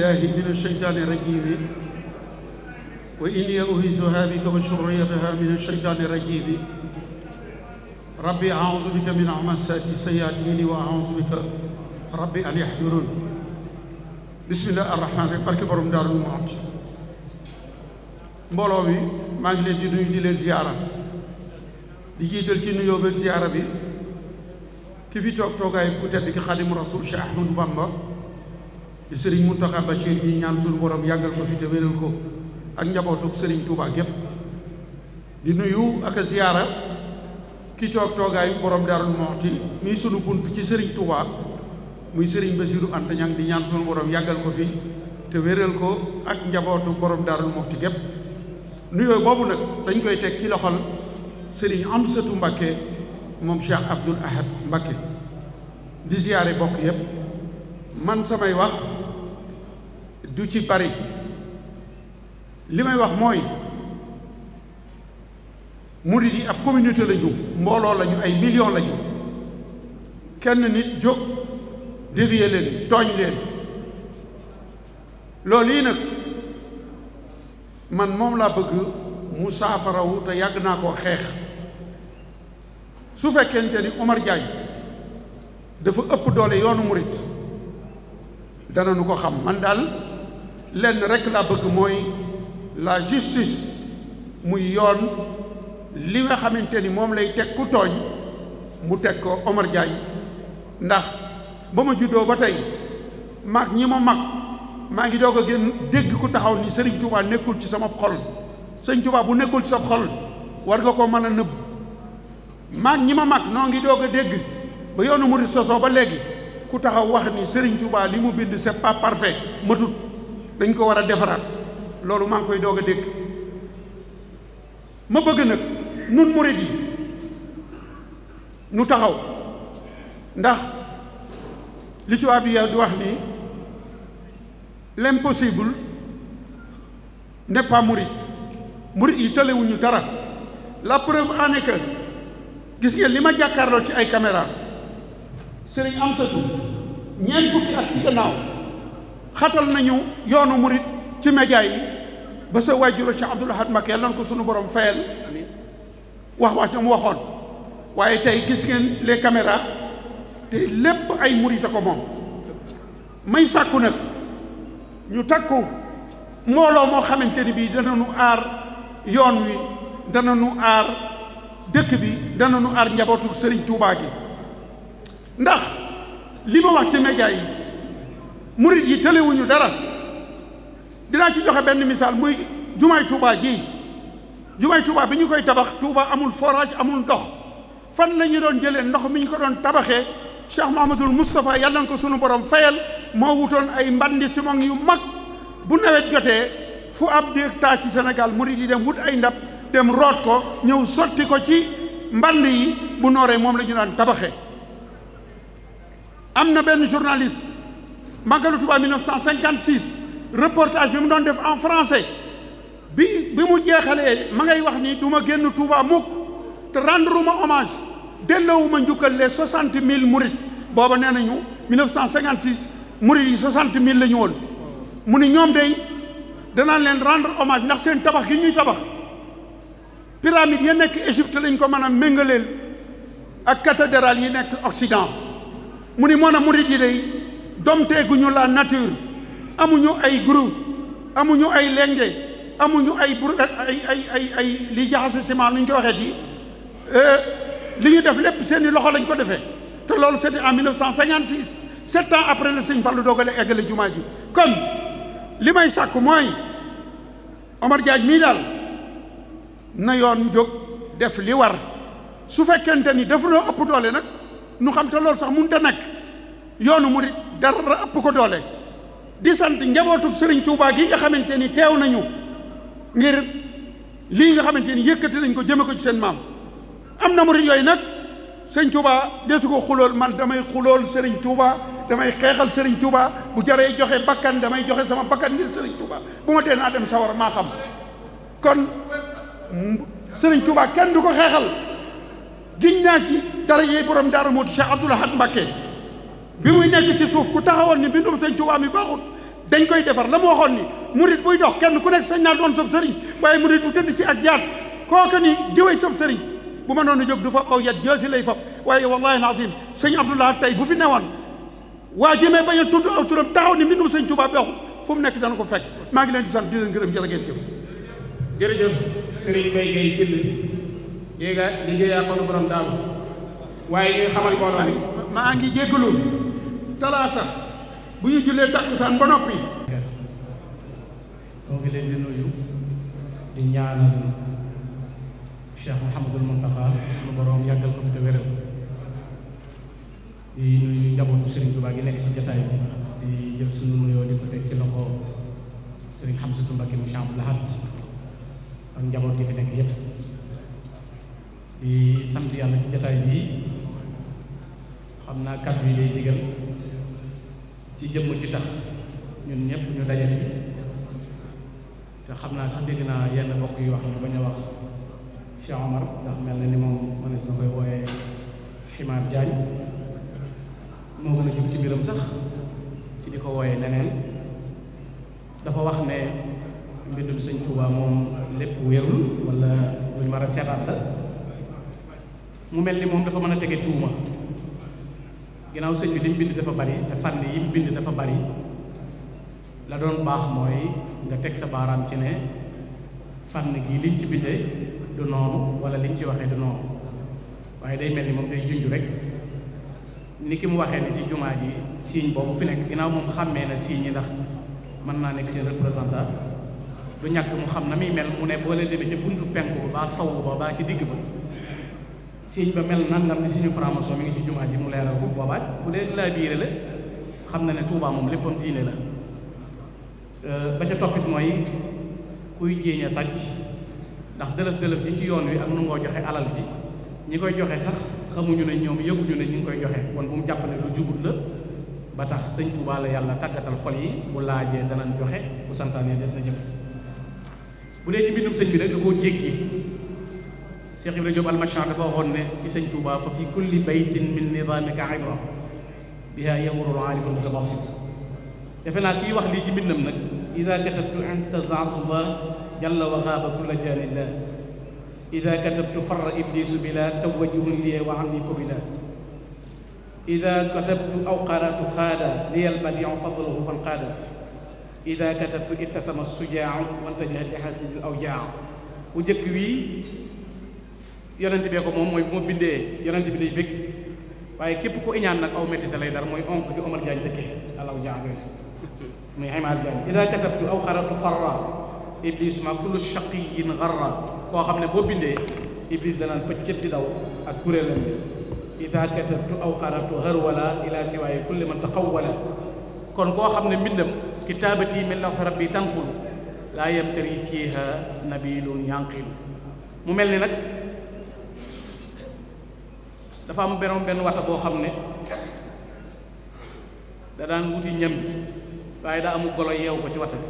billahi min asheytaani rajiimi wa inni uhiisuha bika wa surriyataha min asheytaani rajiimi rabbi aaudu bika min amasaati sayaatiini wa aaudu bika rabbi an yaxduruun bismillahi arrahmaani rahiim barke borom Daaru Muxti mbooloo mi maa ngi leen di nuyu di ziyaara di jiital ci nuyoo ziyaara bi ki fi toog toogaay ku tedd ki Rasuul Cheikh Ahmadou Bamba di sëriñ Muntaxa Bachir ñuy ñaan suñu woroom yàggal ko fi te wéral ko ak njabootuk sëriñ Touba gépp di nuyu ak a ziyaara ki toog toogaayu borom Darou Mouhty mii sunu bunt ci sëriñ Touba muy sëriñ Basiru Anta Ñang di ñaan woroom yàggal ko fi te wéral ko ak njabootu borom Darou Mouhty gépp nuyoo boobu nag dañ koy teg ci loxol sëriñ am Amsatu Mbàkke moom Cheikh Abdoul Ahad Mbàkke di ziyaare bokk yépp man samay wax du ci bari li may wax mooy murid yi ab communauté la ñu mbooloo lañu ay millions lañu kenn nit jóg dévier leen tooñ leen loolu yi nag man moom laa bëgg mu saafarawu te yàgg naa koo xeex su fekkente ni Omar Diagne dafa ëpp doole yoonu murid dana nu ko xam man daal lenn rek laa bëgg mooy la muy yoon li nga xamante ni moom lay teg ku tooñ mu teg ko Omar Diagne ndax ba ma juddoo ba tey mag ñi ma mag maa ngi doog a génn dégg ku taxaw ni sëriñ Touba nekkul ci sama xol Serigne Touba bu nekkul ci sa xol war nga ko mën a nëbb mag ñi ma mag noo ngi doog a dégg ba yoonu murid sosoo ba léegi ku taxaw wax ni Serigne Touba li mu bind c'est pas parfait matut dañ ko war a defaraat loolu maa ngi koy doog a dégg ma bëgg nag nun murit yi nu taxaw ndax li tubaab yi di wax ni l'impossible n'est pas murit murit yi tëlewuñu dara la preuve en est gis ngeen li ma jàkkaarloo ci ay caméra sëriñ am satu ñeent fukki at ci gannaaw xatol nañu yoonu murit ci média yi ba sa waajur Cheikh Abdoul Ahad Mbacké na ko sunu borom fayal wax wax jam waxoon waaye tey gis ngeen les caméras te lépp ay murit a ko moom may sàkku nag ñu takku mbooloo moo xamante ni bii dana nu aar yoon wi dana nu aar dëkk bi dana nu aar njabootu Serigne Touba gi ndax li ma wax ci média yi murit yi tëlewuñu dara dinaa ci joxe benn misaal muy jumaay Touba ji jumaay Touba bi ñu koy tabax Touba amul forage amul ndox fan lañu doon jëlee ndox mi ñu ko doon tabaxee Cheikh Mahamadul Moustapha yàlla na ko sunu borom fayal moo wutoon ay mbandi simon yu mag bu nawet jotee fu ab déeg taa ci Sénégal murit yi dem wut ay ndab dem root ko ñëw sotti ko ci mband yi bu nooree moom la ñu daan tabaxee am na benn journaliste màggalu Tuubaa 1956 reportage bi mu doon def en français bi bi mu jeexalee ma ngay wax ni du ma génn Tuubaa mukk te rendre ma hommage delloowuma njukkal les 60 000 murit booba nee nañu 1956 murit yi 60 000 la ñu woon mu ni ñoom day danaan leen rendre hommage ndax seen tabax gi ñuy tabax pyramide ya nekk Égypte lañ ko mën a méngaleel ak cathédrale yi nekk Occident mu ni moon a murit yi day domteeguñu la nature amuñu ay groupe amuñu ay lenge amuñu ay bur ay ay ay ay li jaxase ciment lu ñu ko waxee ci euh, li ñu def lépp seeni loxo lañ ko defee te loolu c'était en 1956 sept ans après la sëñ Fallou doogale eggale jumaa ji kon li may sàkk mooy Omar Diagne mii daal na yoon jóg def li war su fekkente ni def loo ëpp doole nag nu xam te loolu sax mënut a nekk yoonu murit dara ëpp ko doole di sant njabootu Serigne Touba gi nga xamante ni teew nañu ngir lii nga xamante ni yëkkati nañ ko jëme ko ci seen maam am na murid yooyu nag sëñ Touba desu ko xulool man damay xulool Serigne Touba damay xeexal Serigne Touba bu jaree joxe bakkan damay joxe sama bakkan ngir Serigne Touba bu ma tee naa dem sawar maa xam kon Serigne Touba kenn du ko xeexal giñ naa ci dara yi borom daara mootu Cheikh Abdoul Ahad bi muy nekk ci suuf ku taxawoon ni bindum sëñ Tuubaa mi baaxut dañ koy defar la mu waxoon ni murit buy dox kenn ku nekk sañ naa doon sab sëriñ waaye murit bu tëdd ci ak jaat kooka ni diwey sab sëriñ bu ma noonu jóg du fab aw yat joosi lay fab waaye wallahi alazim sëñ Abdullah tey bu fi newoon waa jëmee bañ a tudd aw turam taxaw ni bindum sëñ Tuubaa baaxut fu mu nekk dana ko fekk maa ngi leen di sant di leen gërëm jërë ngeen jëf jërëjëf sëriñ Mbaye Guèye Syll léegi liggéey yaa ko borom daal waaye ñuy xamal mbooloo mi talaata bu ñu jullee takkusaan ba noppi. moo ngi leen di nuyu di ñaanal Cheikh Mouhamadul Mountakha ko fi te wéral di nuyu njabootu Serigne Touba gi nekk ci jotaay bi di jël gi nekk yépp di sant yàlla xam naa kàddu yi lay digal. ci jëmm ji tax ñun ñëpp ñu daje ci te xam naa si dégg naa yenn mbokk yi wax ñu bañ a wax Cheikh Omar ndax mel na ni moom mënees na koy wooyee Ximaar Jaañ moo gën a jub ci mbiram sax ci di ko wooyee leneen dafa wax ne mbindum sëñ Tuubaa moom lépp wérul wala luñ war a seetaat la mu mel ni moom dafa mën a tege tuuma ginnaaw sëñ bi li bind dafa bari te fànn yi mu bind dafa bari la doon baax mooy nga teg sa baaraam ci ne fànn gi liñ ci bindee du noonu wala liñ ci waxee du noonu waaye day mel ni moom day junj rek ni ki mu waxee ni ci jumaa ji siiñ boobu fi nekk ginnaaw moom xàmmee na siiñ yi ndax mën naa nekk seen représentant du ñàkk mu xam na muy mel mu ne boo leen demee ca buntu penku ba sowu ba ba ci digg ba sëñ ba mel nangam ni suñu franc-maçon mi ngi ci jumaa ji mu leeral ko boobaaj bu dee laa biire la xam na ne Tuubaa moom léppam diine la euh, ba ca toppit mooy kuy jéeñ a sàcc ndax dëlëf dëlëf ji ci yoon wi ak nu ngoo joxe alal ji ñi koy joxe sax xamuñu ne ñoom yëguñu ne ñu ngi koy joxe kon bu mu jàpp ne lu jubut la ba tax sëñ Tuubaa la yàlla tàggatal xol yi bu laajee danañ joxe bu santaanee de sa jëf bu dee ci mbindum sëñ bi rek da koo jéggi Cheikh Ibrahima Diop almachan dafa waxoon ne ci sëñ Touba fa fi kulli baytin min nidaamika ibra biha yamurul aalifu mutabasit defe naa kii wax lii ci mbindam nag ida katabtu intazartu ba jalla wa xaaba kulla jaanillah ida katabtu farra iblisu bila tawajjuhun liye wa anni kubila ida katabtu aw qaratu xaada liyal badiu fadluhu fan qaada ida katabtu ittasama sujaau wantajahat li xasidi aw jaa bu njëkk wii yonent bee ko moom mooy bu ma bindee yonent bi day bëgg waaye képp ku iñaan nag aw méttite lay dar mooy onk ju Omar Diagne dëkke alaw jaabe muy Imaam Diagne ida katabtu aw xaratu farra iblis ma kullu shaqiyin garra koo xam ne boo bindee iblis danaan pëccët di daw ak kuréelam bi ida katabtu aw xaratu harwala ila siwaaye kulli man taqawwala kon koo xam ne mbindam kitaabati min lawhi rabbi tanqul laa yabtari fiiha nabilun yanqilu mu mel ni nag dafa am benn benn wata boo xam ne da daan wuti ñam bi waaye daa amul golo yeewu ko ci wata bi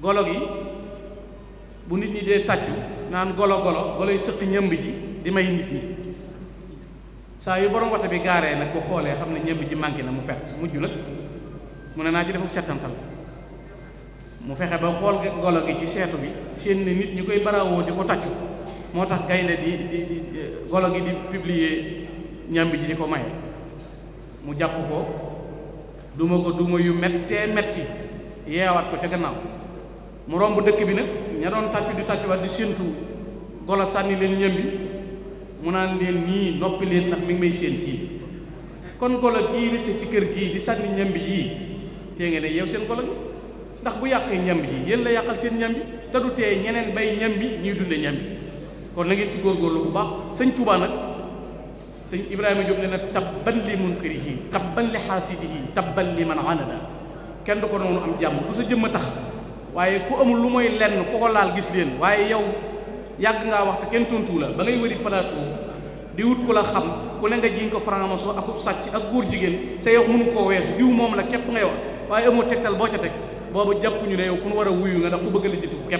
golo gi bu nit ñi dee tàccu naan golo golo golo yi sëq ñëmb ji di may nit ñi saa yu borom wata bi gaaree nag bu xoolee xam ne ñëmb ji manqué na mu perte mujj la mu ne naa ci defuk settantal mu fexe ba xool golo gi ci seetu bi seen ne nit ñi koy barawoo di ko tàccu moo tax gaynde di di di golo gi di publier ñambi ji di ko maye mu jàpp ko duma ko duma yu mettee metti yeewaat ko ca gannaaw mu bu dëkk bi nag ña doon tàccu di tàccuwaat di séentu golo sànni leen ñambi mu naan leen nii noppi leen ndax mi may séen ci kon golo gii rëcc ci kër gii di sànni ñambi yii tee ngeen ne yeew seen golo gi ndax bu yàqee ñambi yi yéen la yàqal seen ñambi te du ñeneen bay ñambi ñuy dunde ñambi kon na ngeen ci góorgóorlu bu baax sëñ Touba nag sëñ Ibrahima Diop ne na tabban li munkarihi tabban li xaasidihi tabban li a anada kenn du ko noonu am jàmm du sa jëmm a tax waaye ku amul lu mooy lenn ku ko laal gis leen waaye yow yàgg ngaa wax te kenn tontu la ba ngay wëri plateau di wut ko la xam ku ne nga jiñ ko franc-maçon akub sàcc ak góor jigéen sa yow mënu koo weesu jiw moom la képp ngay wax waaye amoo tegtal boo ca teg boobu jàpp ñu ne yow ku nu war a wuyu nga ndax ku bëgg la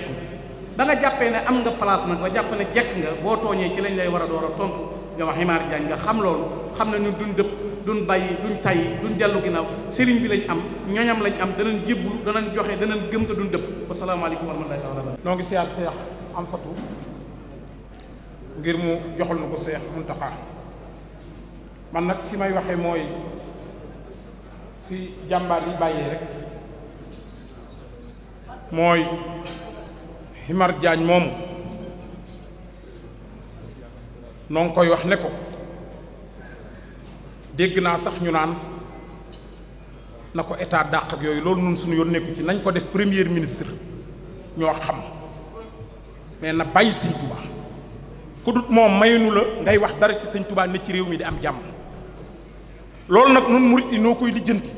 ba nga jàppee ne am nga place nag ba jàpp ne jekk nga boo tooñee ci lañ lay war a door a tontu nga wax Imaar Jaañ nga xam loolu xam ne ñun duñ dëpp duñ bàyyi duñ dellu ginnaaw sëriñ bi lañ am ñoñam lañ am danañ jébbu danañ joxe danañ gëm te duñ dëpp wasalaamaaleykum wa rahmatullahi taala noo ngi siyaar seex am satu ngir mu joxal na ko seex Muntaqa man nag fi may waxee mooy fi jàmbaar yi bàyyee rek mooy Himar Diagne moomu noo koy wax ne ko dégg naa sax ñu naan na ko état dàq yooyu loolu nun suñu yoon nekku ci nañ ko def premier ministre ñoo xam mais na bàyyi sëñ Touba ku moom mayunu la ngay wax dara ci sëñ Touba ne ci réew mi di am jàmm loolu nag nun murit yi noo koy lijjanti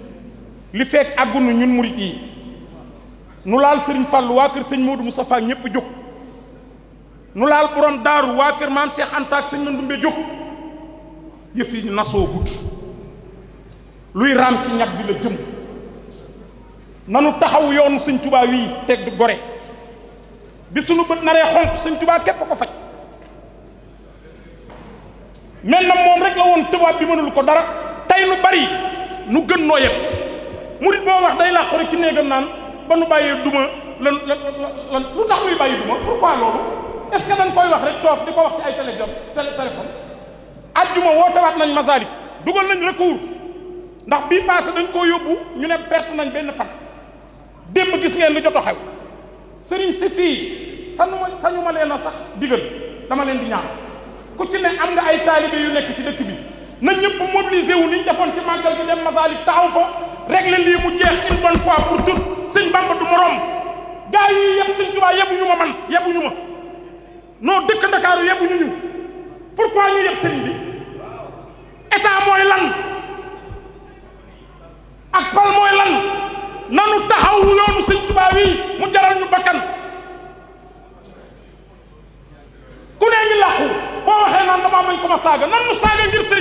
li fekk àggunu ñun murit yi nu laal sëriñ Fàllu waa kër sëñ sa faa ñëpp jóg nu laal borom daaru waa kër maam Cheikh Anta ak sëñ Mandumbe jóg yëf yi nasoo gudd luy raam ci ñag bi la jëm nanu taxaw yoonu sëñ Tuubaa wii teg gore bi sunu bët naree xonq sëñ tubaa képp ko faj mel na moom rek la woon tubaab bi mënul ko dara tey lu bari nu gën noo mu murit boo wax day làqu rek ci néegam naan ba nu bàyyee duma lan lan lan lu tax muy bàyyi duma pourquoi loolu est ce dañ koy wax rek toog di ko wax ci ay télévision télé téléphone ajjuma wootewaat nañ Masalik dugal nañ recours ndax bii passé dañ koo yóbbu ñu ne perte nañ benn fan démb gis ngeen li jot a xew sëriñ si fii sañu ma sañu ma leen sax digal dama leen di ñaan ku ci ne am nga ay taalibe yu nekk ci dëkk bi na ñëpp mobiliser wu ni ñu defoon ci màggal gi dem Masalik taxaw fa régler lii mu jeex une bonne fois pour tout sëñ Bamba gaa yi yëpp sëñ Tuubaa yebuñu ma man yebuñu ma noo dëkk Ndakaaru yebuñu ñu pourquoi ñu yëpp sëñ bi état mooy lan ak pal mooy lan nanu taxaw yoonu sëñ Tuubaa wi mu jaral ñu bakkan ku nee ngi boo waxee naan damaa ko ma saaga nan mu saaga ngir sëñ